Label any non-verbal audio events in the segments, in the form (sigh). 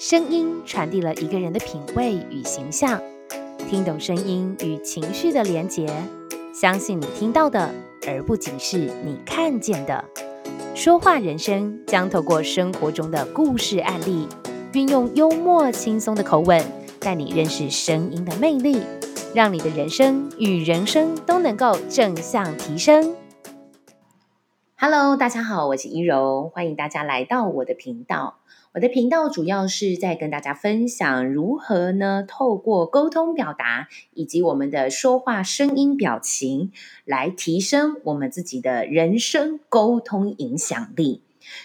聲音傳遞了一個人的品味與形象，聽懂聲音與情緒的連結，相信你聽到的，而不僅是你看見的。說話人生將透過生活中的故事案例，運用幽默輕鬆的口吻，帶你認識聲音的魅力，讓你的人生與人生都能夠正向提升。Hello，大家好，我是依柔，歡迎大家來到我的頻道。我的頻道主要是在跟大家分享如何呢？透過溝通表達以及我們的說話聲音、表情，來提升我們自己的人際溝通影響力。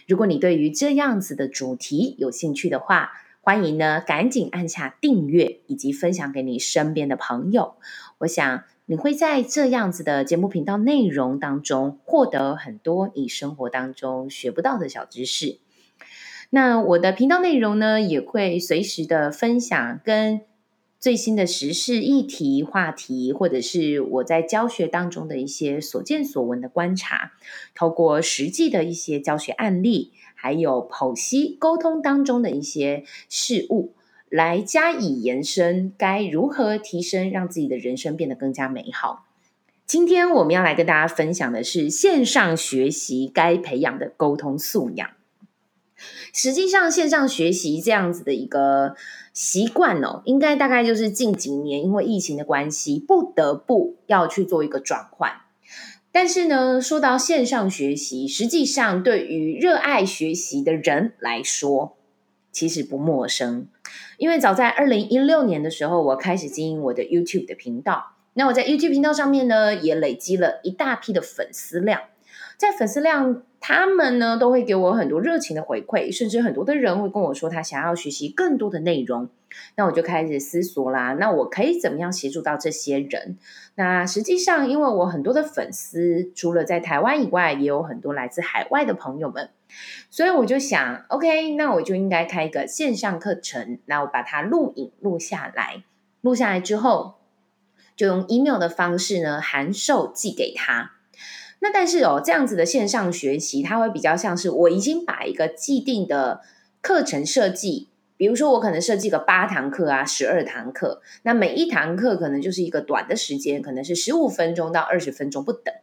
如果你對於這樣子的主題有興趣的話，歡迎呢趕緊按下訂閱以及分享給你身邊的朋友。我想你會在這樣子的節目頻道內容當中獲得很多你生活當中學不到的小知識。那我的頻道內容呢，也會隨時的分享跟最新的時事議題、話題，或者是我在教學當中的一些所見所聞的觀察，透過實際的一些教學案例，還有剖析溝通當中的一些事物，來加以延伸，該如何提升，讓自己的人生變得更加美好。今天我們要來跟大家分享的是線上學習該培養的溝通素養。實際上，線上學習這樣子的一個習慣哦，應該大概就是近幾年因為疫情的關係，不得不要去做一個轉換。但是呢，說到線上學習，實際上對於熱愛學習的人來說，其實不陌生。因為早在二零一六年的時候，我開始經營我的 YouTube 的頻道。那我在 YouTube 頻道上面呢，也累積了一大批的粉絲量，在粉絲量。他們呢，都會給我很多熱情的回饋，甚至很多的人會跟我說他想要學習更多的內容，那我就開始思索啦，那我可以怎麼樣協助到這些人？那實際上，因為我很多的粉絲除了在台灣以外，也有很多來自海外的朋友們，所以我就想，OK，那我就應該開一個線上課程，那我把它錄影錄下來，錄下來之後，就用 email 的方式呢函授寄給他。那但是哦，這樣子的線上學習，它會比較像是我已經把一個既定的課程設計，比如說我可能設計個八堂課啊，十二堂課，那每一堂課可能就是一個短的時間，可能是十五分鐘到二十分鐘不等。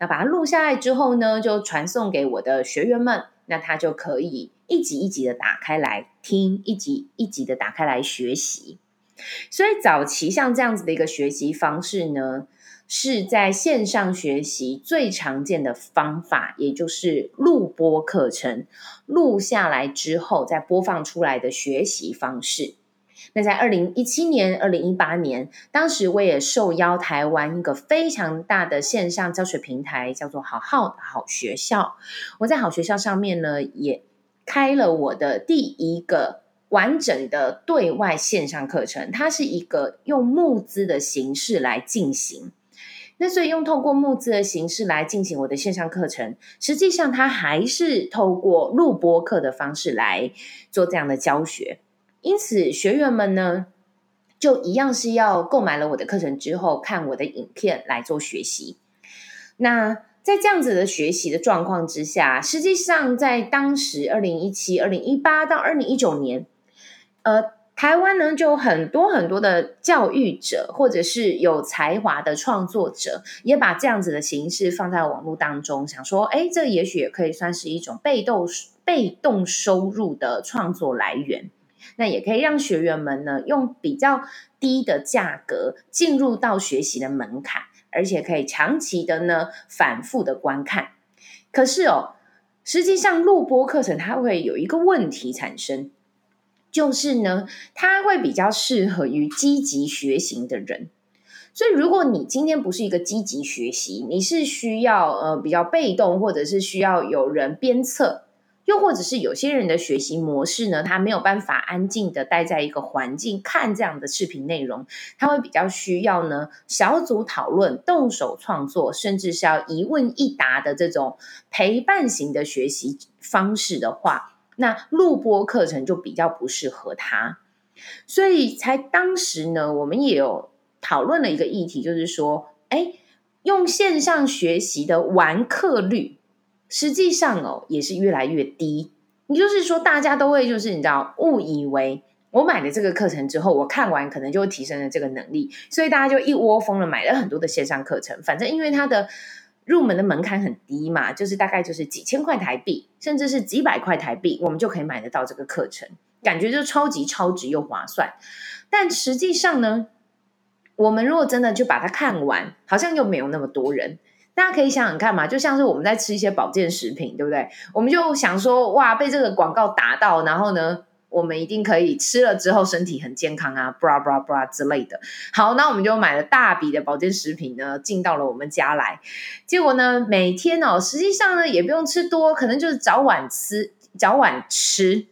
那把它錄下來之後呢，就傳送給我的學員們，那他就可以一集一集的打開來聽，一集一集的打開來學習。所以早期像這樣子的一個學習方式呢，是在線上學習最常見的方法，也就是錄播課程，錄下來之後再播放出來的學習方式。那在二零一七年、二零一八年，當時我也受邀台灣一個非常大的線上教學平台，叫做好好的好學校。我在好學校上面呢，也開了我的第一個完整的對外線上課程，它是一個用募資的形式來進行。那所以用透過募資的形式來進行我的線上課程，實際上它還是透過錄播課的方式來做這樣的教學。因此，學員們呢，就一樣是要購買了我的課程之後，看我的影片來做學習。那在這樣子的學習的狀況之下，實際上在當時二零一七、二零一八到二零一九年，呃。台灣呢，就有很多很多的教育者，或者是有才華的創作者，也把這樣子的形式放在網絡當中，想說，哎、欸，這也許也可以算是一種被動被動收入的創作來源。那也可以讓學員們呢，用比較低的價格進入到學習的門檻，而且可以長期的呢，反覆的觀看。可是哦，實際上錄播課程它會有一個問題產生。就是呢，他會比較適合於積極學習的人。所以，如果你今天不是一個積極學習，你是需要呃比較被動，或者是需要有人鞭策，又或者是有些人的學習模式呢，他沒有辦法安靜的待在一個環境看這樣的視頻內容，他會比較需要呢小組討論、動手創作，甚至是要一問一答的這種陪伴型的學習方式的話。那錄播課程就比較不適合他，所以才當時呢，我們也有討論了一個議題，就是說，哎，用線上學習的完課率，實際上哦也是越來越低。也就是說，大家都會就是你知道，誤以為我買了這個課程之後，我看完可能就會提升了這個能力，所以大家就一窩蜂的買了很多的線上課程，反正因為它的。入門的門檻很低嘛，就是大概就是幾千塊台幣，甚至是幾百塊台幣，我們就可以買得到這個課程，感覺就超級超值又划算。但實際上呢，我們如果真的就把它看完，好像又沒有那麼多人。大家可以想想看嘛，就像是我們在吃一些保健食品，對不對？我們就想說哇，被這個廣告打到，然後呢，我們一定可以吃了之後身體很健康啊 bra，bra，bra 之類的。好，那我們就買了大筆的保健食品呢，進到了我們家來。結果呢，每天哦，實際上呢也不用吃多，可能就是早晚吃，早晚吃，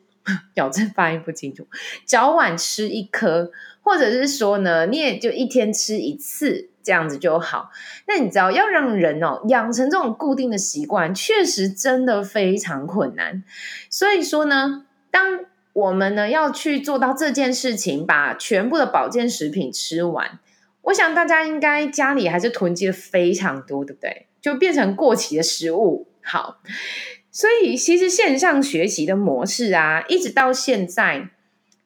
咬字發音不清楚，早晚吃一顆，或者是說呢，你也就一天吃一次這樣子就好。那你知道要讓人哦養成這種固定的習慣，確實真的非常困難。所以說呢，當我們呢，要去做到這件事情，把全部的保健食品吃完。我想大家應該家裡還是囤積了非常多，對不對？就變成過期的食物。好，所以其實線上學習的模式啊，一直到現在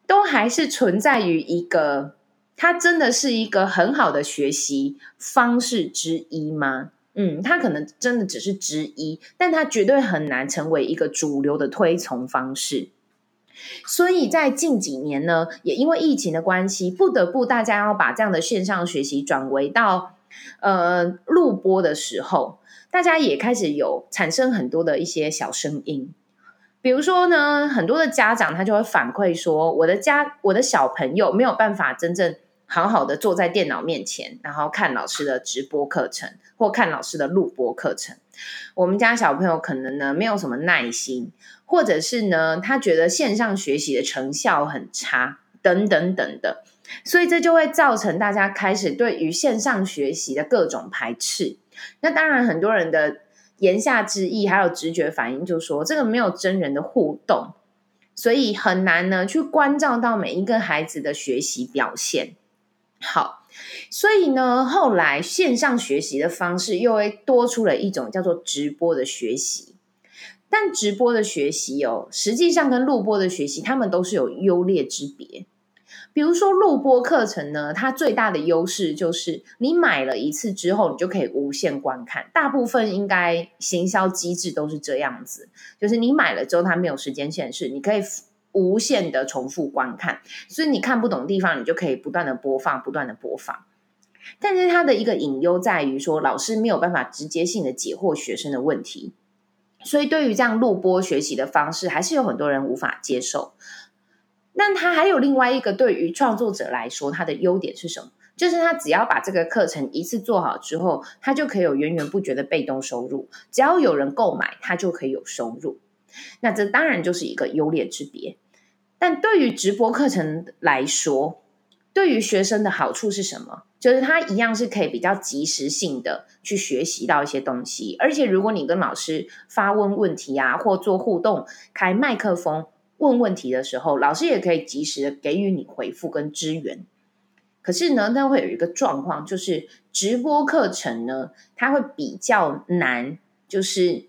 都還是存在於一個，它真的是一個很好的學習方式之一嗎？嗯，它可能真的只是之一，但它絕對很難成為一個主流的推崇方式。所以在近幾年呢，也因為疫情的關係，不得不大家要把這樣的線上學習轉為到呃錄播的時候，大家也開始有產生很多的一些小聲音，比如說呢，很多的家長他就會反饋說，我的家我的小朋友沒有辦法真正。好好的坐在電腦面前，然後看老師的直播課程，或看老師的錄播課程。我們家小朋友可能呢沒有什麼耐心，或者是呢他覺得線上學習的成效很差，等、等等等的，所以這就會造成大家開始對於線上學習的各種排斥。那當然，很多人的言下之意還有直覺反應就是，就說這個沒有真人的互動，所以很難呢去關照到每一個孩子的學習表現。好，所以呢，後來線上學習的方式又會多出了一種叫做直播的學習。但直播的學習哦，實際上跟錄播的學習，它們都是有優劣之別。比如說錄播課程呢，它最大的優勢就是你買了一次之後，你就可以無限觀看。大部分應該行銷機制都是這樣子，就是你買了之後，它沒有時間限制，你可以，無限的重複觀看，所以你看不懂地方，你就可以不斷的播放，不斷的播放。但是它的一個隱憂在於說，老師沒有辦法直接性的解惑學生的問題，所以對於這樣錄播學習的方式，還是有很多人無法接受。那它還有另外一個對於創作者來說，它的優點是什麼？就是他只要把這個課程一次做好之後，他就可以有源源不絕的被動收入，只要有人購買，他就可以有收入。那這當然就是一個優劣之別，但對於直播課程來說，對於學生的好處是什麼？就是它一樣是可以比較及時性的去學習到一些東西，而且如果你跟老師發問問題啊，或做互動開麥克風問問題的時候，老師也可以及時的給予你回復跟支援。可是呢，它會有一個狀況，就是直播課程呢，它會比較難，就是。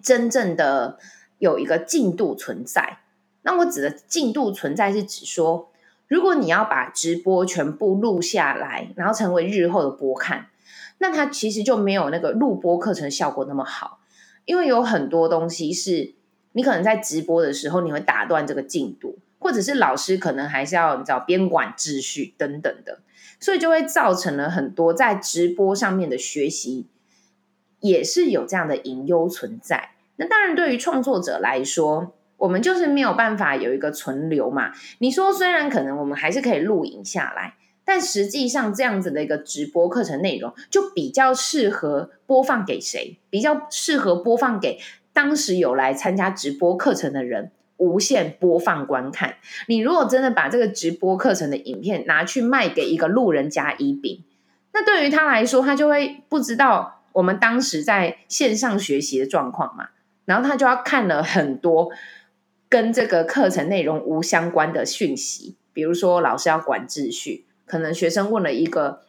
真正的有一個進度存在，那我指的進度存在是指說，如果你要把直播全部錄下來，然後成為日後的播看，那它其實就沒有那個錄播課程效果那麼好，因為有很多東西是你可能在直播的時候你會打斷這個進度，或者是老師可能還是要找邊管秩序等等的，所以就會造成了很多在直播上面的學習，也是有這樣的隱憂存在。那當然，對於創作者來說，我們就是沒有辦法有一個存留嘛。你說，雖然可能我們還是可以錄影下來，但實際上這樣子的一個直播課程內容，就比較適合播放給誰？比較適合播放給當時有來參加直播課程的人無限播放觀看。你如果真的把這個直播課程的影片拿去賣給一個路人甲乙丙，那對於他來說，他就會不知道。我們當時在線上學習的狀況嘛，然後他就要看了很多跟這個課程內容無相關的訊息，比如說老師要管秩序，可能學生問了一個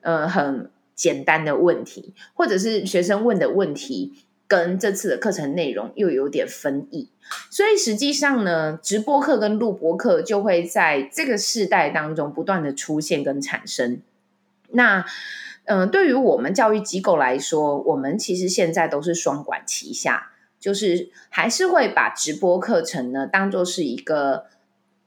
呃很簡單的問題，或者是學生問的問題跟這次的課程內容又有點分異，所以實際上呢，直播課跟錄播課就會在這個世代當中不斷的出現跟產生，那。嗯，對於我們教育機構來說，我們其實現在都是雙管齊下，就是還是會把直播課程呢當作是一個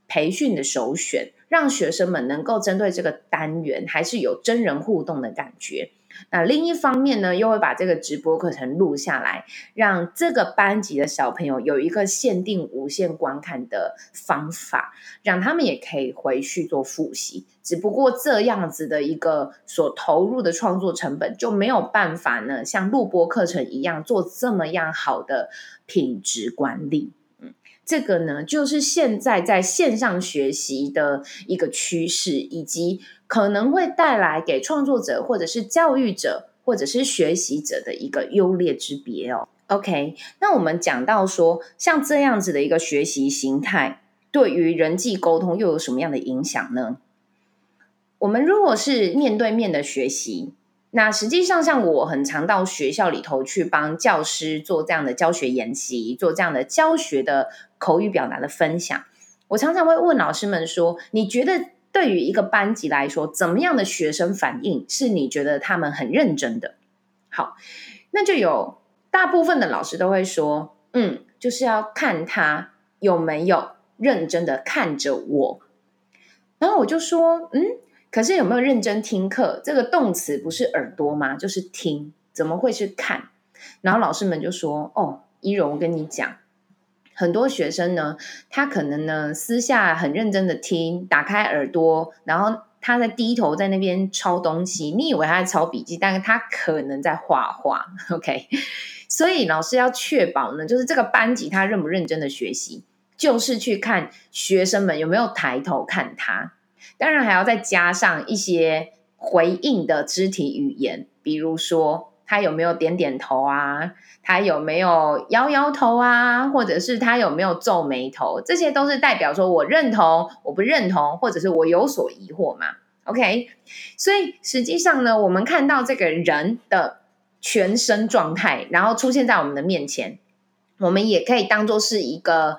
培訓的首選，讓學生們能夠針對這個單元還是有真人互動的感覺。那另一方面呢，又會把這個直播課程錄下來，讓這個班級的小朋友有一個限定無限觀看的方法，讓他們也可以回去做複習。只不過這樣子的一個所投入的創作成本就沒有辦法呢，像錄播課程一樣做這麼樣好的品質管理。嗯，這個呢就是現在在線上學習的一個趨勢，以及可能會帶來給創作者或者是教育者或者是學習者的一個優劣之別哦。OK，那我們講到說，像這樣子的一個學習形態，對於人際溝通又有什麼樣的影響呢？我們如果是面對面的學習，那實際上像我很常到學校裡頭去幫教師做這樣的教學研習，做這樣的教學的口語表達的分享。我常常會問老師們說：“你覺得對於一個班級來說，怎麼樣的學生反應是你覺得他們很認真的？”好，那就有大部分的老師都會說：“嗯，就是要看他有沒有認真的看着我。”然後我就說：“嗯。”可是有沒有認真聽課？這個動詞不是耳朵嗎？就是聽，怎麼會去看？然後老師們就說：“哦，依柔，我跟你講，很多學生呢，他可能呢私下很認真的聽，打開耳朵，然後他在低頭在那邊抄東西。你以為他在抄筆記，但是他可能在畫畫。OK，所以老師要確保呢，就是這個班級他認不認真的學習，就是去看學生們有沒有抬頭看他。”當然還要再加上一些回應的肢體語言，比如說他有沒有點點頭啊，他有沒有搖搖頭啊，或者是他有沒有皺眉頭，這些都是代表說我認同、我不認同，或者是我有所疑惑嘛。OK，所以實際上呢，我們看到這個人的全身狀態，然後出現在我們的面前，我們也可以當做是一個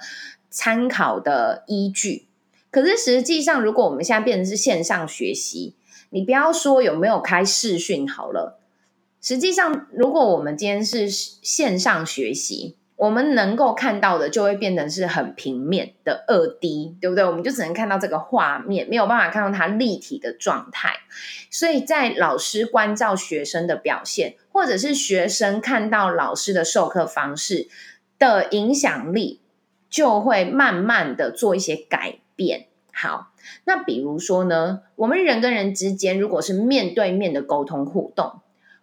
參考的依據。可是實際上，如果我們現在變成是線上學習，你不要說有沒有開視訊好了。實際上，如果我們今天是線上學習，我們能夠看到的就會變成是很平面的 2D，對不對？我們就只能看到這個畫面，沒有辦法看到它立體的狀態。所以在老師關照學生的表現，或者是學生看到老師的授課方式的影響力，就會慢慢的做一些改變。變好。那比如說呢，我們人跟人之間如果是面對面的溝通互動，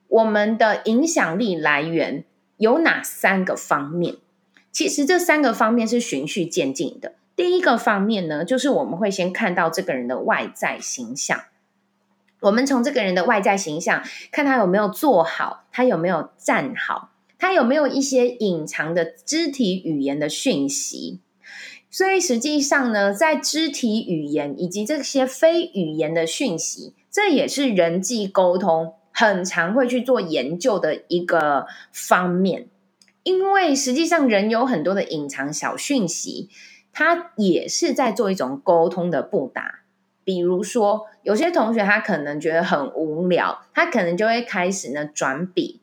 我們的影響力來源有哪三個方面？其實這三個方面是循序漸進的。第一個方面呢，就是我們會先看到這個人的外在形象，我們從這個人的外在形象看他有沒有坐好，他有沒有站好，他有沒有一些隱藏的肢體語言的訊息。所以實際上呢，在肢體語言以及這些非語言的訊息，這也是人際溝通很常會去做研究的一個方面。因為實際上人有很多的隱藏小訊息，他也是在做一種溝通的佈達。比如說，有些同學他可能覺得很無聊，他可能就會開始呢轉筆。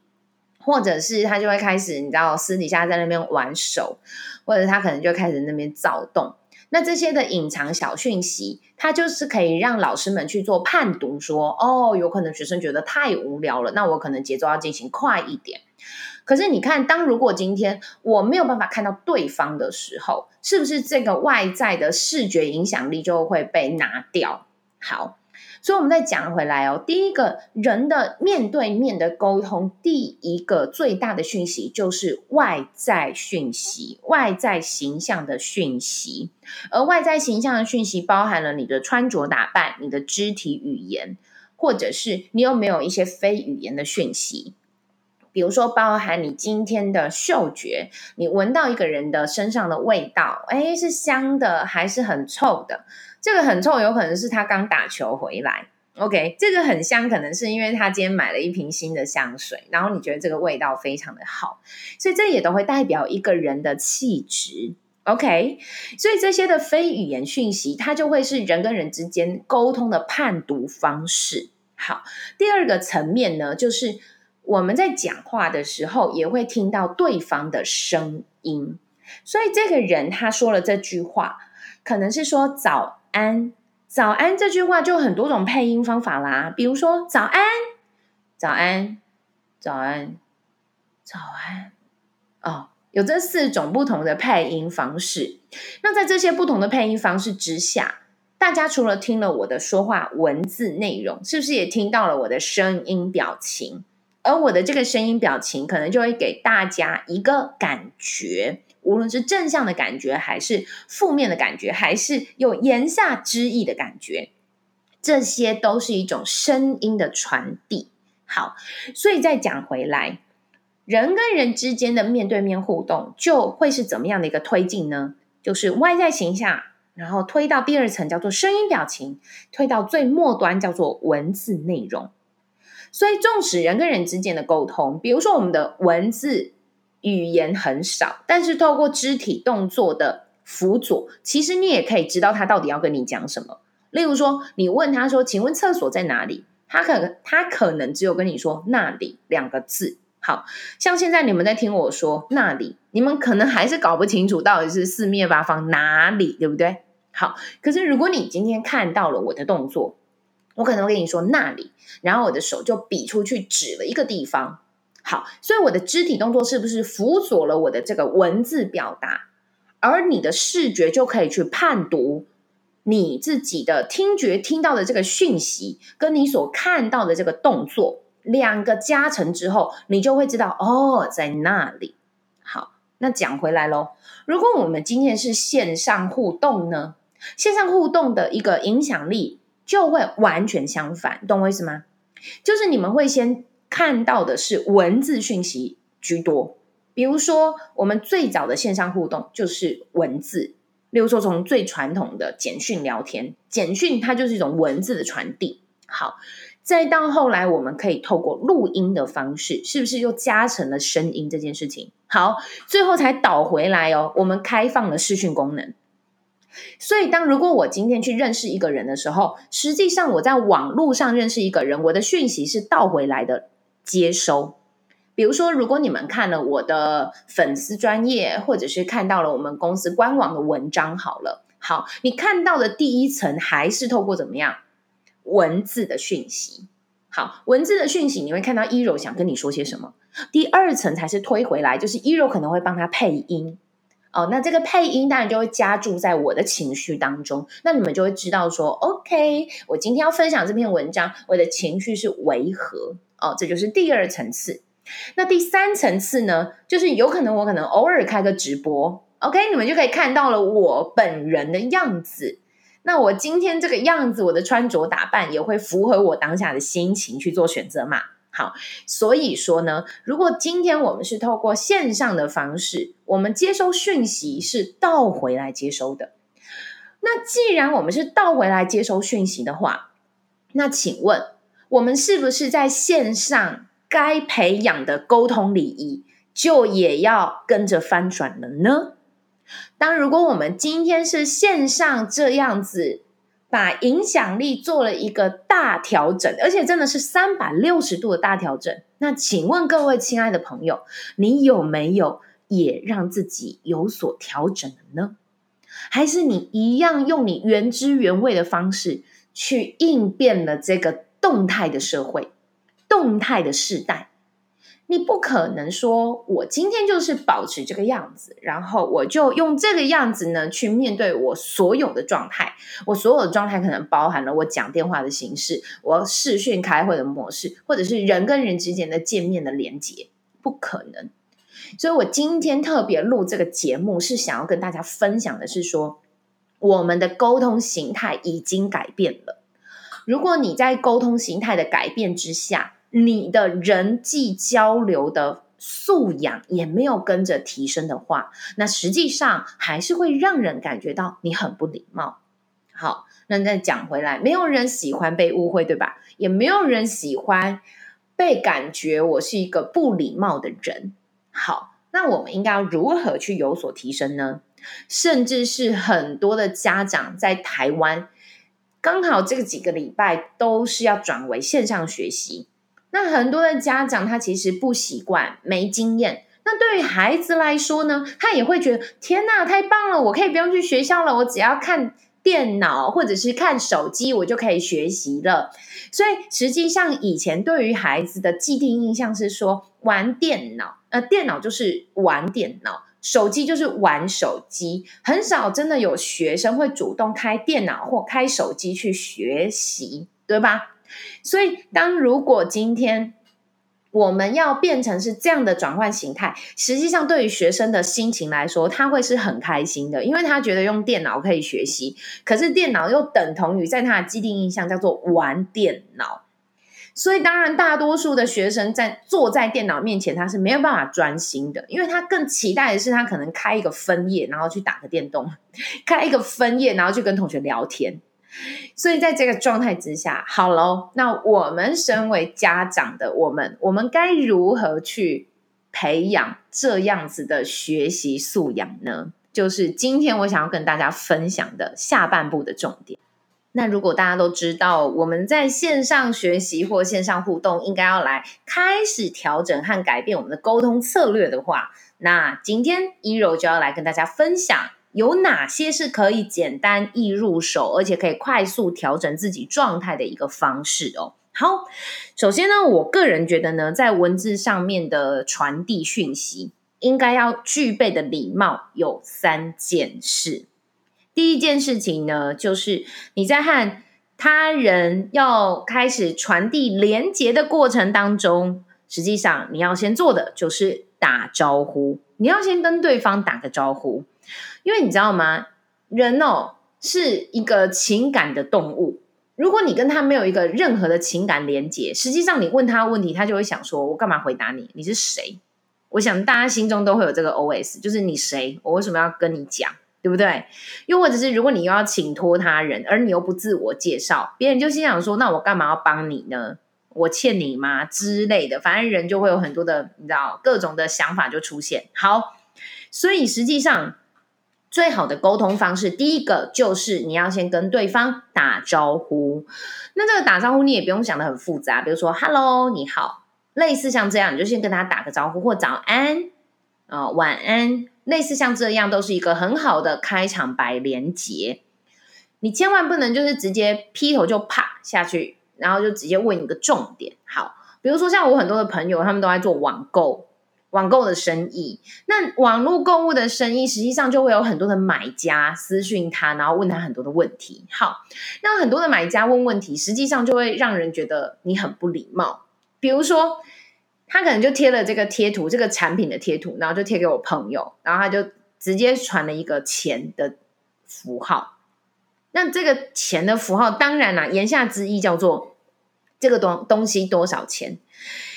或者是他就會開始，你知道私底下在那邊玩手，或者他可能就開始那邊躁動。那這些的隱藏小訊息，它就是可以讓老師們去做判讀說，哦，有可能學生覺得太無聊了，那我可能節奏要進行快一點。可是你看，當如果今天我沒有辦法看到對方的時候，是不是這個外在的視覺影響力就會被拿掉？好。所以我們再講回來哦，第一個，人的面對面的溝通，第一個最大的訊息就是外在訊息，外在形象的訊息，而外在形象的訊息包含了你的穿着打扮、你的肢體語言，或者是你有沒有一些非語言的訊息。比如說，包含你今天的嗅覺，你聞到一個人的身上的味道，誒，是香的，還是很臭的？這個很臭，有可能是他剛打球回來。OK，這個很香，可能是因為他今天買了一瓶新的香水，然後你覺得這個味道非常的好，所以這也都會代表一個人的氣質。OK，所以這些的非語言訊息，它就會是人跟人之間溝通的判讀方式。好，第二個層面呢，就是。我們在講話的時候也會聽到對方的聲音，所以這個人他說了這句話，可能是說“早安”。早安這句話就很多種配音方法啦，比如說“早安”“早安”“早安”“早安”哦，有這四種不同的配音方式。那在這些不同的配音方式之下，大家除了聽了我的說話文字內容，是不是也聽到了我的聲音表情？而我的這個聲音表情，可能就會給大家一個感覺，無論是正向的感覺，還是負面的感覺，還是有言下之意的感覺，這些都是一種聲音的傳遞。好，所以再講回來，人跟人之間的面對面互動，就會是怎麼樣的一個推進呢？就是外在形象，然後推到第二層叫做聲音表情，推到最末端叫做文字內容。所以，縱使人跟人之間的溝通，比如說我們的文字語言很少，但是透過肢體動作的輔佐，其實你也可以知道他到底要跟你講什麼。例如說，你問他說：“請問廁所在哪裡？”他可能他可能只有跟你說“那裡”兩個字。好像現在你們在聽我說“那裡”，你們可能還是搞不清楚到底是四面八方哪裡，對不對？好，可是如果你今天看到了我的動作。我可能會跟你說那裡，然後我的手就比出去指了一個地方。好，所以我的肢體動作是不是輔佐了我的這個文字表達？而你的視覺就可以去判讀你自己的聽覺聽到的這個訊息，跟你所看到的這個動作兩個加成之後，你就會知道哦，在那裡。好，那講回來嘍，如果我們今天是線上互動呢？線上互動的一個影響力。就會完全相反，懂我意思嗎？就是你們會先看到的是文字訊息居多，比如說我們最早的線上互動就是文字，例如說從最傳統的簡訊聊天，簡訊它就是一種文字的傳遞。好，再到後來我們可以透過錄音的方式，是不是又加成了聲音這件事情？好，最後才倒回來哦，我們開放了視訊功能。所以，當如果我今天去認識一個人的時候，實際上我在網絡上認識一個人，我的訊息是倒回來的接收。比如說，如果你們看了我的粉絲專頁，或者是看到了我們公司官網的文章，好了，好，你看到的第一層還是透過怎麼樣文字的訊息。好，文字的訊息你會看到依柔想跟你說些什麼。第二層才是推回來，就是依柔可能會幫他配音。哦，那這個配音當然就會加注在我的情緒當中，那你們就會知道說，OK，我今天要分享這篇文章，我的情緒是為何，哦，這就是第二層次。那第三層次呢，就是有可能我可能偶爾開個直播，OK，你們就可以看到了我本人的樣子。那我今天這個樣子，我的穿着打扮也會符合我當下的心情去做選擇嘛。好，所以說呢，如果今天我們是透過線上的方式，我們接收訊息是倒回來接收的。那既然我們是倒回來接收訊息的話，那請問我們是不是在線上該培養的溝通禮儀，就也要跟着翻轉了呢？當如果我們今天是線上這樣子。把影響力做了一個大調整，而且真的是三百六十度的大調整。那請問各位親愛的朋友，你有沒有也讓自己有所調整的呢？還是你一樣用你原汁原味的方式去應變了這個動態的社會、動態的時代？你不可能說，我今天就是保持這個樣子，然後我就用這個樣子呢去面對我所有的狀態。我所有的狀態可能包含了我講電話的形式，我視訊開會的模式，或者是人跟人之間的見面的連接，不可能。所以我今天特別錄這個節目，是想要跟大家分享的是說，我們的溝通形態已經改變了。如果你在溝通形態的改變之下，你的人際交流的素養也沒有跟着提升的話，那實際上還是會讓人感覺到你很不禮貌。好，那再講回來，沒有人喜歡被誤會，對吧？也沒有人喜歡被感覺我是一個不禮貌的人。好，那我們應該要如何去有所提升呢？甚至是很多的家長在台灣，剛好這個幾個禮拜都是要轉為線上學習。那很多的家長他其實不習慣，沒經驗。那對於孩子來說呢，他也會覺得天哪，太棒了！我可以不用去學校了，我只要看電腦或者是看手機，我就可以學習了。所以實際上以前對於孩子的既定印象是說，玩電腦，呃，電腦就是玩電腦，手機就是玩手機，很少真的有學生會主動開電腦或開手機去學習，對吧？所以，當如果今天我們要變成是這樣的轉換形態，實際上對於學生的心情來說，他會是很開心的，因為他覺得用電腦可以學習。可是電腦又等同於在他的既定印象叫做玩電腦，所以當然大多數的學生在坐在電腦面前，他是沒有辦法專心的，因為他更期待的是他可能開一個分頁，然後去打個電動，開一個分頁，然後去跟同學聊天。所以，在這個狀態之下，好嘍，那我們身為家長的我們，我們該如何去培養這樣子的學習素養呢？就是今天我想要跟大家分享的下半部的重點。那如果大家都知道，我們在線上學習或線上互動，應該要來開始調整和改變我們的溝通策略的話，那今天依柔就要來跟大家分享。有哪些是可以簡單易入手，而且可以快速調整自己狀態的一個方式哦？好，首先呢，我個人覺得呢，在文字上面的傳遞訊息，應該要具備的禮貌有三件事。第一件事情呢，就是你在和他人要開始傳遞連結的過程當中，實際上你要先做的就是打招呼，你要先跟對方打個招呼。因為你知道嗎？人哦是一個情感的動物。如果你跟他沒有一個任何的情感連接，實際上你問他問題，他就會想說：“我幹嘛回答你？你是誰？”我想大家心中都會有這個 OS，就是你誰？我為什麼要跟你講？對不對？又或者是如果你又要請托他人，而你又不自我介紹，別人就心想說：“那我幹嘛要幫你呢？我欠你嗎？”之類的。反正人就會有很多的，你知道，各種的想法就出現。好，所以實際上。最好的溝通方式，第一個就是你要先跟對方打招呼。那這個打招呼你也不用想得很複雜，比如說 “hello，你好”，類似像這樣，你就先跟他打個招呼，或早安啊、呃、晚安，類似像這樣，都是一個很好的開場白連結。你千萬不能就是直接劈頭就啪下去，然後就直接問一個重點。好，比如說像我很多的朋友，他們都在做網購。網購的生意，那網絡購物的生意，實際上就會有很多的買家私訊他，然後問他很多的問題。好，那很多的買家問問題，實際上就會讓人覺得你很不禮貌。比如說，他可能就貼了這個貼圖，這個產品的貼圖，然後就貼給我朋友，然後他就直接傳了一個錢的符號。那這個錢的符號，當然啦、啊，言下之意叫做這個東東西多少錢。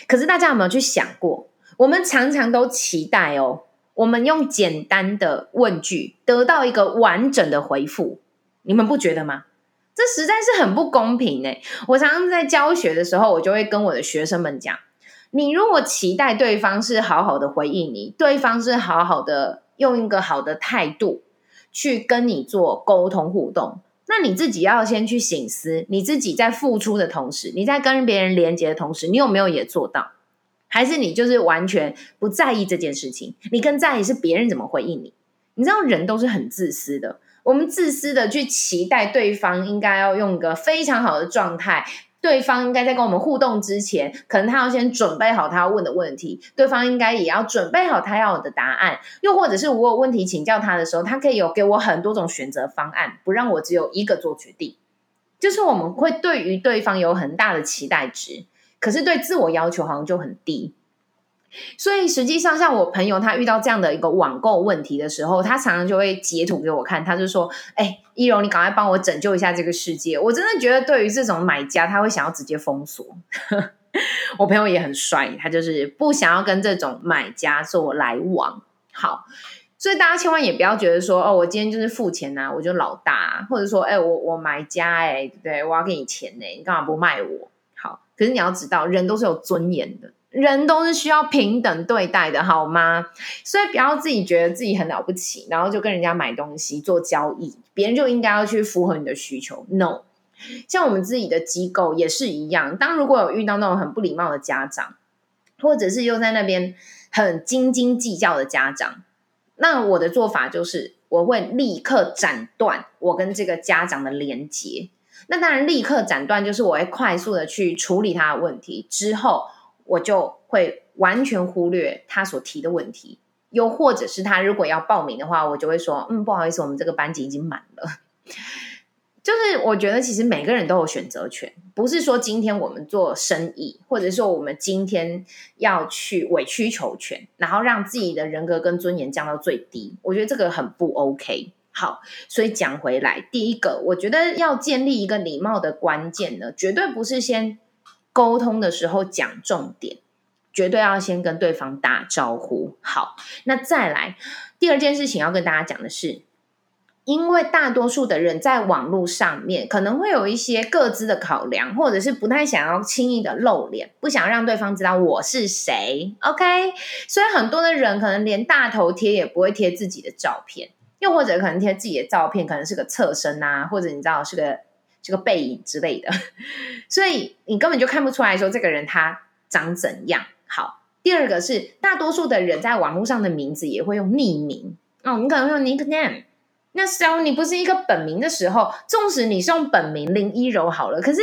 可是大家有沒有去想過？我們常常都期待哦，我們用簡單的問句得到一個完整的回復，你們不覺得嗎？這實在是很不公平呢。我常常在教學的時候，我就會跟我的學生們講，你如果期待對方是好好的回應你，對方是好好的用一個好的態度去跟你做溝通互動，那你自己要先去省思，你自己在付出的同時，你在跟別人連接的同時，你有沒有也做到？還是你就是完全不在意這件事情，你更在意是別人怎麼回應你。你知道人都是很自私的，我們自私的去期待對方應該要用一個非常好的狀態，對方應該在跟我們互動之前，可能他要先準備好他要問的問題，對方應該也要準備好他要的答案，又或者是我有問題請教他的時候，他可以有給我很多種選擇方案，不讓我只有一個做決定。就是我們會對於對方有很大的期待值。可是對自我要求好像就很低，所以實際上像我朋友他遇到這樣的一個網購問題的時候，他常常就會截圖給我看，他就說：“哎、欸，依柔，你趕快幫我拯救一下這個世界！”我真的覺得對於這種買家，他會想要直接封鎖。 (laughs) 我朋友也很帥，他就是不想要跟這種買家做我來往。好，所以大家千萬也不要覺得說：“哦，我今天就是付錢啊，我就老大、啊。”或者說：“哎、欸，我我買家、欸，哎，對，我要給你錢呢、欸，你幹嘛不賣我？”可是你要知道，人都是有尊嚴的，人都是需要平等對待的，好嗎？所以不要自己覺得自己很了不起，然後就跟人家買東西做交易，別人就應該要去符合你的需求。No，像我們自己的機構也是一樣。當如果有遇到那種很不禮貌的家長，或者是又在那邊很斤斤計較的家長，那我的做法就是，我會立刻斬斷我跟這個家長的連接。那當然，立刻斬斷就是我會快速的去處理他的問題，之後我就會完全忽略他所提的問題。又或者是他如果要報名的話，我就會說，嗯，不好意思，我們這個班級已經滿了。就是我覺得其實每個人都有選擇權，不是說今天我們做生意，或者說我們今天要去委曲求全，然後讓自己的人格跟尊嚴降到最低。我覺得這個很不 OK。好，所以講回來，第一個，我覺得要建立一個禮貌的關鍵呢，絕對不是先溝通的時候講重點，絕對要先跟對方打招呼。好，那再來第二件事情要跟大家講的是，因為大多數的人在網絡上面可能會有一些各自的考量，或者是不太想要輕易的露臉，不想讓對方知道我是誰。OK，所以很多的人可能連大頭貼也不會貼自己的照片。又或者可能貼自己的照片，可能是個側身啊，或者你知道是個這個背影之類的， (laughs) 所以你根本就看不出來說這個人他長怎樣。好，第二個是大多數的人在網絡上的名字也會用匿名哦，你可能會用 nickname，那當你不是一個本名的時候，縱使你是用本名林依柔好了，可是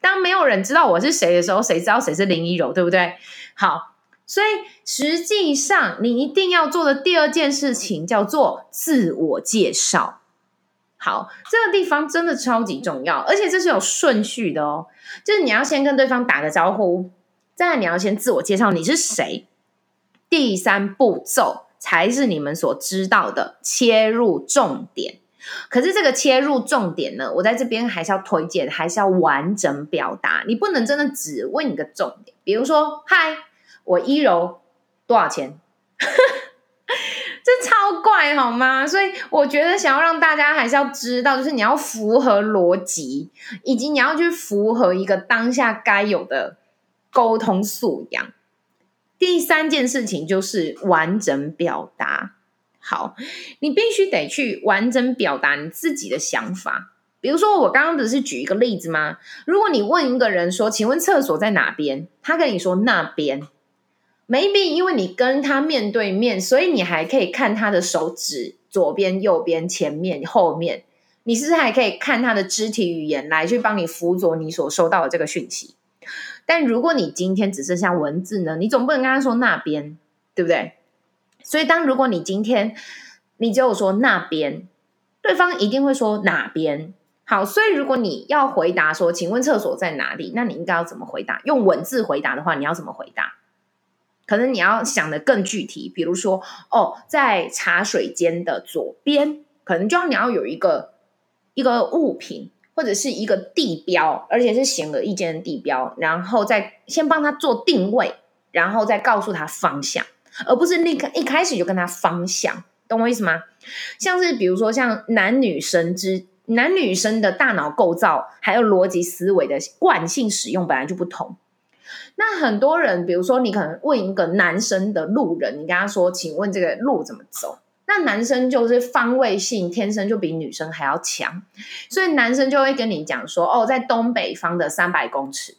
當沒有人知道我是誰的時候，誰知道誰是林依柔，對不對？好。所以實際上，你一定要做的第二件事情叫做自我介紹。好，這個地方真的超級重要，而且這是有順序的哦。就是你要先跟對方打個招呼，再你要先自我介紹你是誰。第三步驟才是你們所知道的切入重點。可是這個切入重點呢，我在這邊還是要推薦，還是要完整表達。你不能真的只問一個重點，比如說嗨。Hi, 我一樓多少錢？ (laughs) 這超怪好嗎？所以我覺得想要讓大家還是要知道，就是你要符合邏輯，以及你要去符合一個當下該有的溝通素養。第三件事情就是完整表達。好，你必須得去完整表達你自己的想法。比如說，我剛剛只是舉一個例子嘛。如果你問一個人說：“請問廁所在哪邊？”他跟你說那邊：“那邊。”沒必，因為你跟他面對面，所以你還可以看他的手指左邊、右邊、前面、後面，你是不是還可以看他的肢體語言來去幫你輔佐你所收到的這個訊息？但如果你今天只剩下文字呢，你總不能跟他說那邊，對不對？所以當如果你今天你只有說那邊，對方一定會說哪邊。好，所以如果你要回答說，請問廁所在哪裡？那你應該要怎麼回答？用文字回答的話，你要怎麼回答？可能你要想的更具體，比如說哦，在茶水間的左邊，可能就要你要有一個一個物品或者是一個地標，而且是顯而易見的地標，然後再先幫他做定位，然後再告訴他方向，而不是立刻一開始就跟他方向，懂我意思嗎？像是比如說像男女生之男女生的大腦構造，還有邏輯思維的慣性使用本來就不同。那很多人，比如說你可能問一個男生的路人，你跟他說：“請問這個路怎麼走？”那男生就是方位性天生就比女生還要強，所以男生就會跟你講說：“哦，在東北方的三百公尺。”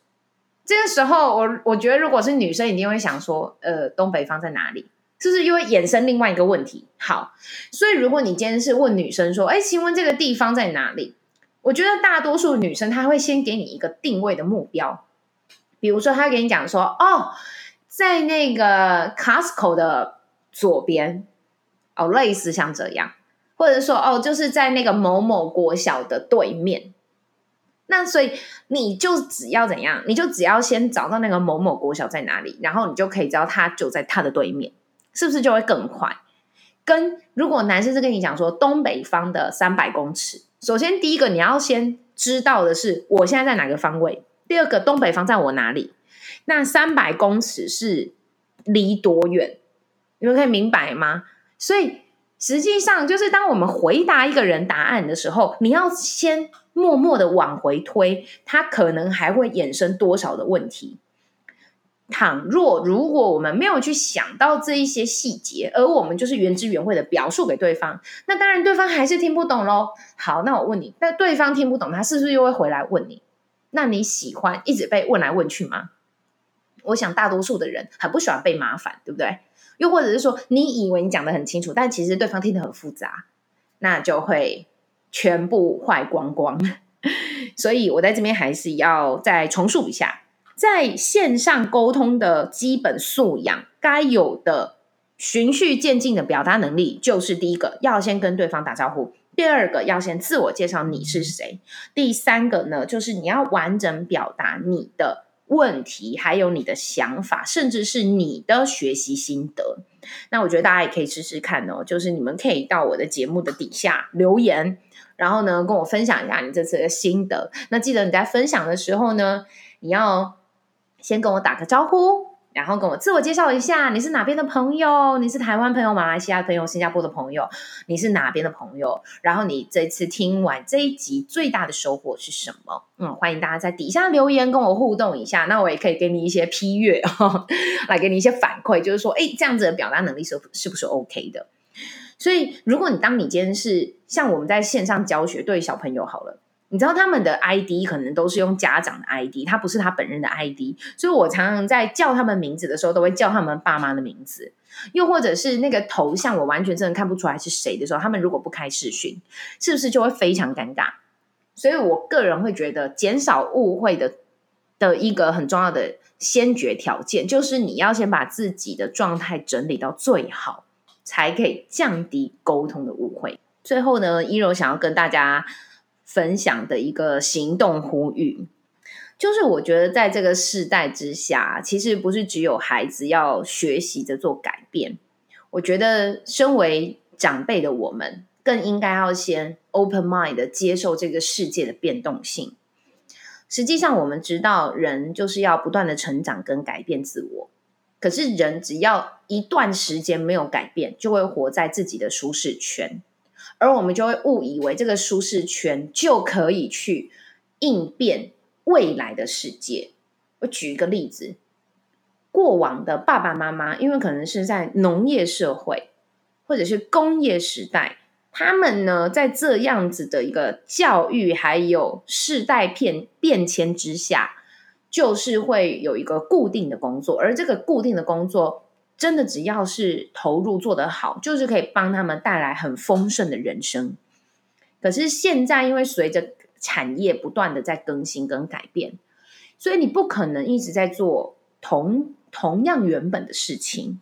這個時候我，我我覺得如果是女生一定會想說：“呃，東北方在哪裡？”就是不是因為衍生另外一個問題？好，所以如果你今天是問女生說：“哎，請問這個地方在哪裡？”我覺得大多數女生她會先給你一個定位的目標。比如說，他跟你講說：“哦，在那個 Costco 的左邊，哦，類似像這樣，或者說，哦，就是在那個某某國小的對面。”那所以你就只要怎樣？你就只要先找到那個某某國小在哪裡，然後你就可以知道它就在它的對面，是不是就會更快？跟如果男生是跟你講說東北方的三百公尺，首先第一個你要先知道的是，我現在在哪個方位？第二個東北方在我哪裡？那三百公尺是離多遠？你們可以明白嗎？所以實際上就是當我們回答一個人答案的時候，你要先默默的往回推，他可能還會衍生多少的問題。倘若如果我們沒有去想到這一些細節，而我們就是原汁原味的表述給對方，那當然對方還是聽不懂嘍。好，那我問你，那對方聽不懂，他是不是又會回來問你？那你喜歡一直被問來問去嗎？我想大多數的人很不喜歡被麻煩，對不對？又或者是說，你以為你講得很清楚，但其實對方聽得很複雜，那就會全部壞光光。 (laughs) 所以我在這邊還是要再重述一下，在線上溝通的基本素養，該有的循序漸進的表達能力，就是第一個，要先跟對方打招呼。第二個要先自我介紹你是誰，第三個呢，就是你要完整表達你的問題，還有你的想法，甚至是你的學習心得。那我覺得大家也可以試試看哦，就是你們可以到我的節目的底下留言，然後呢，跟我分享一下你這次的心得。那記得你在分享的時候呢，你要先跟我打個招呼。然後跟我自我介紹一下，你是哪邊的朋友？你是台灣朋友、馬來西亞朋友、新加坡的朋友？你是哪邊的朋友？然後你這次聽完這一集最大的收穫是什麼？嗯，歡迎大家在底下留言跟我互動一下，那我也可以給你一些批閱啊、哦，來給你一些反饋，就是說，哎，這樣子的表達能力是是不是 OK 的？所以，如果你當你今天是像我們在線上教學對小朋友好了。你知道他們的 ID 可能都是用家長的 ID，他不是他本人的 ID，所以我常常在叫他們名字的時候，都會叫他們爸媽的名字，又或者是那個頭像我完全真的看不出來是誰的時候，他們如果不開視訊，是不是就會非常尷尬？所以我個人會覺得，減少誤會的的一個很重要的先決條件，就是你要先把自己的狀態整理到最好，才可以降低溝通的誤會。最後呢，依柔想要跟大家分享的一個行動呼籲，就是我覺得在這個世代之下，其實不是只有孩子要學習着做改變。我覺得身為長輩的我們，更應該要先 open mind 的接受這個世界的變動性。實際上，我們知道人就是要不斷的成長跟改變自我。可是人只要一段時間沒有改變，就會活在自己的舒適圈。而我們就會誤以為這個舒適圈就可以去應變未來的世界。我舉一個例子，過往的爸爸媽媽，因為可能是在農業社會或者是工業時代，他們呢，在這樣子的一個教育還有世代變變遷之下，就是會有一個固定的工作，而這個固定的工作。真的只要是投入做得好，就是可以幫他們帶來很豐盛的人生。可是現在，因為隨着產業不斷的在更新跟改變，所以你不可能一直在做同同樣原本的事情。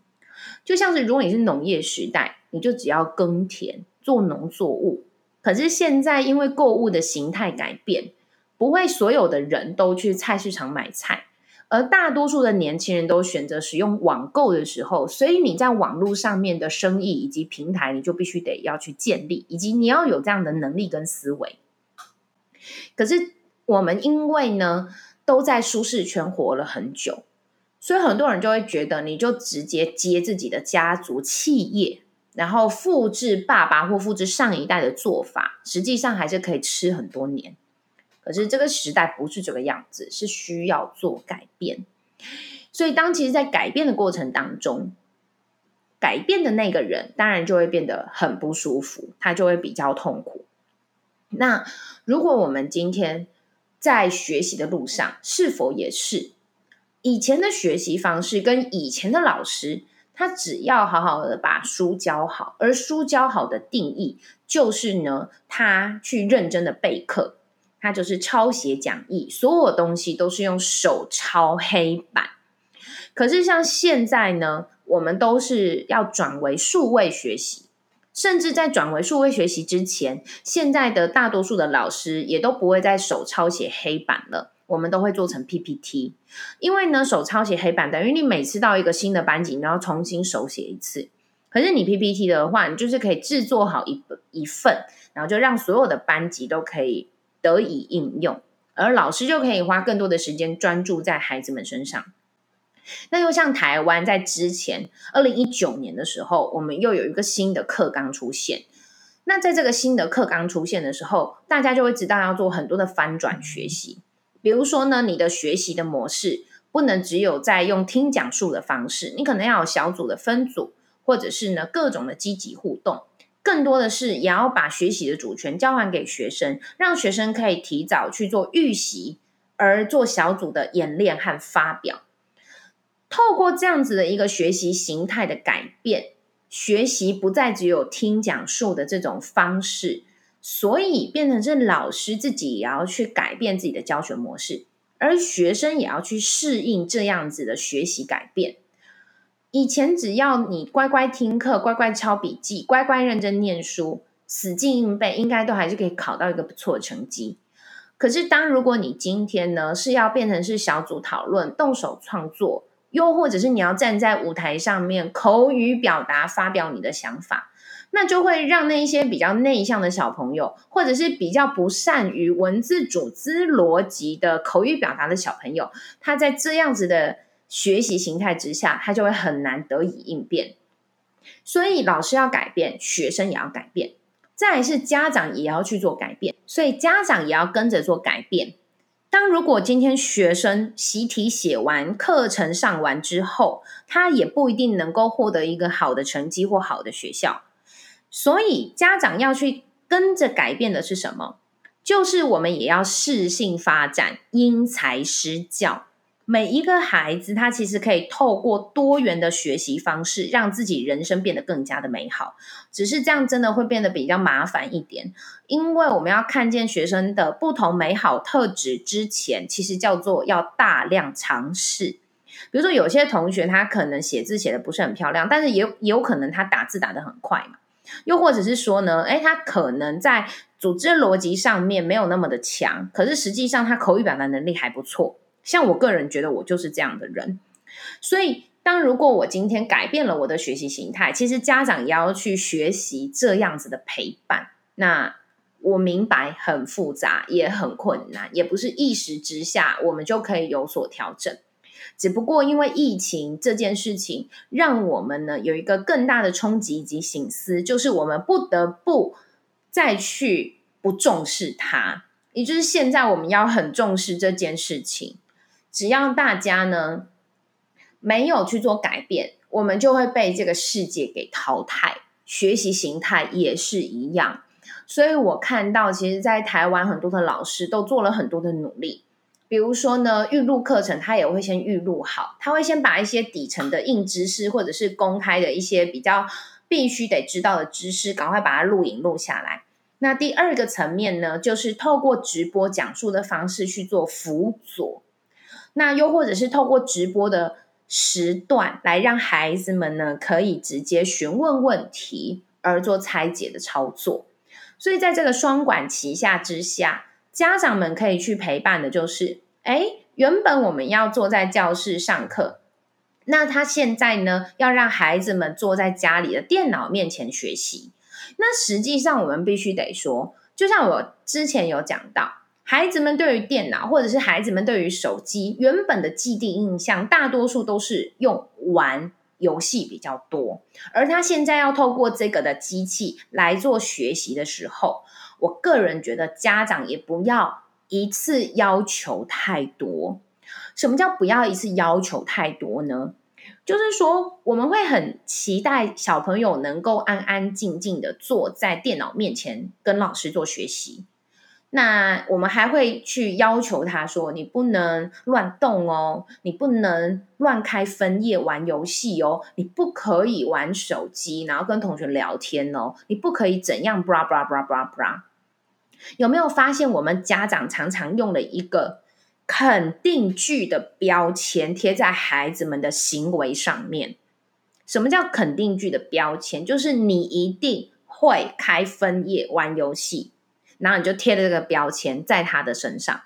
就像是如果你是農業時代，你就只要耕田做農作物。可是現在，因為購物的形態改變，不會所有的人都去菜市場買菜。而大多數的年輕人都選擇使用網購的時候，所以你在網絡上面的生意以及平台，你就必須得要去建立，以及你要有這樣的能力跟思維。可是我們因為呢，都在舒適圈活了很久，所以很多人就會覺得，你就直接接自己的家族企業，然後複製爸爸或複製上一代的做法，實際上還是可以吃很多年。可是這個時代不是這個樣子，是需要做改變。所以，當其實在改變的過程當中，改變的那個人當然就會變得很不舒服，他就會比較痛苦。那如果我們今天在學習的路上，是否也是，以前的學習方式跟以前的老師，他只要好好的把書教好，而書教好的定義就是呢，他去認真的備課。他就是抄寫講義，所有東西都是用手抄黑板。可是像現在呢，我們都是要轉為數位學習，甚至在轉為數位學習之前，現在的大多數的老師也都不會再手抄寫黑板了。我們都會做成 PPT，因為呢，手抄寫黑板等於你每次到一個新的班級，你都要重新手寫一次。可是你 PPT 的話，你就是可以製作好一一份，然後就讓所有的班級都可以。得以應用，而老師就可以花更多的時間專注在孩子們身上。那又像台灣，在之前二零一九年的時候，我們又有一個新的課綱出現。那在這個新的課綱出現的時候，大家就會知道要做很多的翻轉學習。比如說呢，你的學習的模式不能只有在用聽講述的方式，你可能要有小組的分組，或者是呢，各種的積極互動。更多的是也要把學習的主權交還給學生，讓學生可以提早去做預習，而做小組的演練和發表。透過這樣子的一個學習形態的改變，學習不再只有聽講授的這種方式，所以變成是老師自己也要去改變自己的教學模式，而學生也要去適應這樣子的學習改變。以前只要你乖乖聽課、乖乖抄筆記、乖乖認真念書、死記硬背，應該都還是可以考到一個不錯的成績。可是，當如果你今天呢是要變成是小組討論、動手創作，又或者是你要站在舞台上面口語表達、發表你的想法，那就會讓那一些比較內向的小朋友，或者是比較不善於文字組織邏輯的口語表達的小朋友，他在這樣子的。學習形態之下，他就會很難得以應變，所以老師要改變，學生也要改變，再來是家長也要去做改變，所以家長也要跟着做改變。當如果今天學生習題寫完，課程上完之後，他也不一定能夠獲得一個好的成績或好的學校，所以家長要去跟着改變的是什麼？就是我們也要適性發展，因材施教。每一個孩子，他其實可以透過多元的學習方式，讓自己人生變得更加的美好。只是這樣真的會變得比較麻煩一點，因為我們要看見學生的不同美好特質之前，其實叫做要大量嘗試。比如說，有些同學他可能寫字寫的不是很漂亮，但是也有可能他打字打得很快嘛。又或者是說呢，誒，他可能在組織邏輯上面沒有那麼的強，可是實際上他口語表達能力還不錯。像我個人覺得我就是這樣的人，所以當如果我今天改變了我的學習形態，其實家長也要去學習這樣子的陪伴。那我明白很複雜也很困難，也不是一時之下我們就可以有所調整。只不過因為疫情這件事情，讓我們呢有一個更大的衝擊以及省思，就是我們不得不再去不重視它，也就是現在我們要很重視這件事情。只要大家呢沒有去做改變，我們就會被這個世界給淘汰。學習形態也是一樣，所以我看到，其實，在台灣很多的老師都做了很多的努力。比如說呢，預錄課程，他也會先預錄好，他會先把一些底層的硬知識，或者是公開的一些比較必須得知道的知識，趕快把它錄影錄下來。那第二個層面呢，就是透過直播講述的方式去做輔佐。那又或者是透過直播的時段來讓孩子們呢，可以直接詢問問題而做拆解的操作，所以在這個雙管齊下之下，家長們可以去陪伴的就是，哎、欸，原本我們要坐在教室上課，那他現在呢，要讓孩子們坐在家裡的電腦面前學習，那實際上我們必須得說，就像我之前有講到。孩子們對於電腦，或者是孩子們對於手機原本的既定印象，大多數都是用玩遊戲比較多。而他現在要透過這個的機器來做學習的時候，我個人覺得家長也不要一次要求太多。什麼叫不要一次要求太多呢？就是說我們會很期待小朋友能夠安安靜靜地坐在電腦面前跟老師做學習。那我們還會去要求他說：“你不能亂動哦，你不能亂開分頁玩遊戲哦，你不可以玩手機，然後跟同學聊天哦，你不可以怎樣？bra bra bra bra” 有沒有發現我們家長常常用了一個肯定句的標籤貼在孩子們的行為上面？什麼叫肯定句的標籤？就是你一定會開分頁玩遊戲。然後你就貼了這個標籤在他的身上，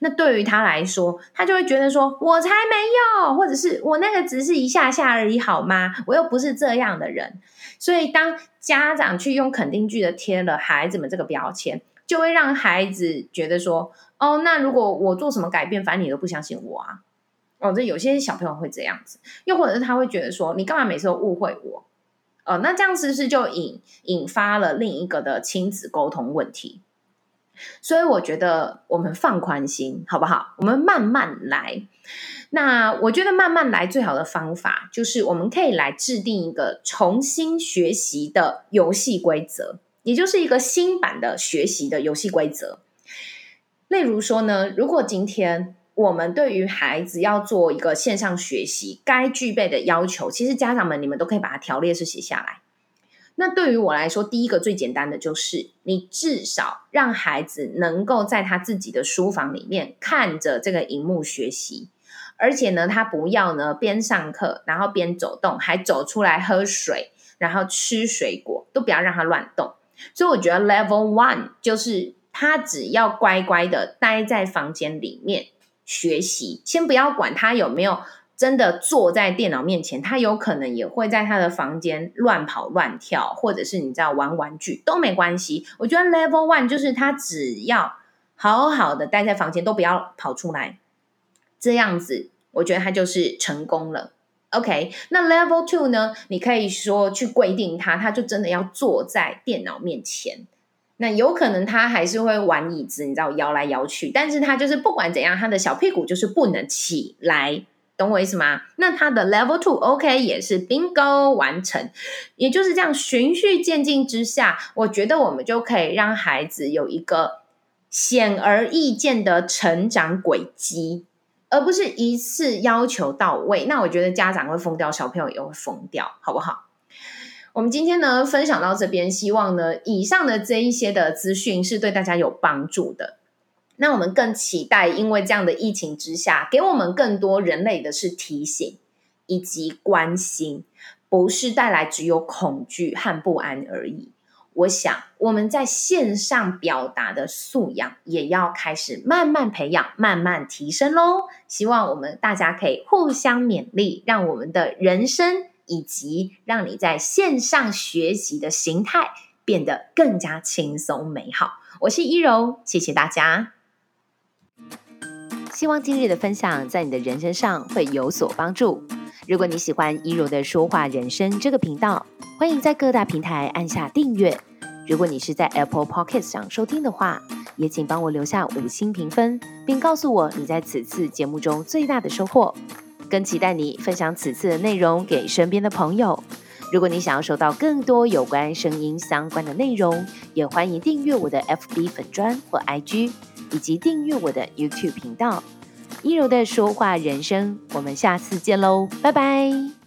那對於他來說，他就會覺得說：“我才沒有，或者是我那個只是一下下而已，好嗎？我又不是這樣的人。”所以，當家長去用肯定句的貼了孩子們這個標籤，就會讓孩子覺得說：“哦，那如果我做什麼改變，反正你都不相信我啊。”哦，這有些小朋友會這樣子，又或者是他會覺得說：“你幹嘛每次都誤會我？”哦，那這樣是不是就引引發了另一個的親子溝通問題？所以我覺得我們放寬心，好不好？我們慢慢來。那我覺得慢慢來最好的方法，就是我們可以來制定一個重新學習的遊戲規則，也就是一個新版的學習的遊戲規則。例如說呢，如果今天我們對於孩子要做一個線上學習，該具備的要求，其實家長們你們都可以把它條列式寫下來。那對於我來說，第一個最簡單的就是，你至少讓孩子能夠在他自己的書房裡面看着這個螢幕學習，而且呢，他不要呢邊上課，然後邊走動，還走出來喝水，然後吃水果，都不要讓他亂動。所以我覺得 level one 就是他只要乖乖的待在房間裡面學習，先不要管他有沒有。真的坐在電腦面前，他有可能也會在他的房間亂跑亂跳，或者是你知道玩玩具都沒關係。我覺得 level one 就是他只要好好的待在房間，都不要跑出來，這樣子，我覺得他就是成功了。OK，那 level two 呢？你可以說去規定他，他就真的要坐在電腦面前。那有可能他還是會玩椅子，你知道搖來搖去，但是他就是不管怎樣，他的小屁股就是不能起來。懂我意思嗎？那他的 level two OK 也是 bingo 完成，也就是這樣循序漸進之下，我覺得我們就可以讓孩子有一個顯而易見的成長軌跡，而不是一次要求到位。那我覺得家長會瘋掉，小朋友也會瘋掉，好不好？我們今天呢，分享到這邊，希望呢，以上的這一些的資訊是對大家有幫助的。那我們更期待，因為這樣的疫情之下，給我們更多人類的是提醒以及關心，不是帶來只有恐懼和不安而已。我想，我們在線上表達的素養也要開始慢慢培養、慢慢提升嘍。希望我們大家可以互相勉勵，讓我們的人生以及讓你在線上學習的形態變得更加輕鬆美好。我是依柔，謝謝大家。希望今日的分享在你的人生上會有所幫助。如果你喜歡依柔的說話人生這個頻道，歡迎在各大平台按下訂閱。如果你是在 Apple Podcast 上收聽的話，也請幫我留下五星評分，並告訴我你在此次節目中最大的收穫。更期待你分享此次的內容給身邊的朋友。如果你想要收到更多有關聲音相關的內容，也歡迎訂閱我的 FB 粉專或 IG。以及訂閱我的 YouTube 頻道“依柔的說話人生”，我們下次見嘍，拜拜。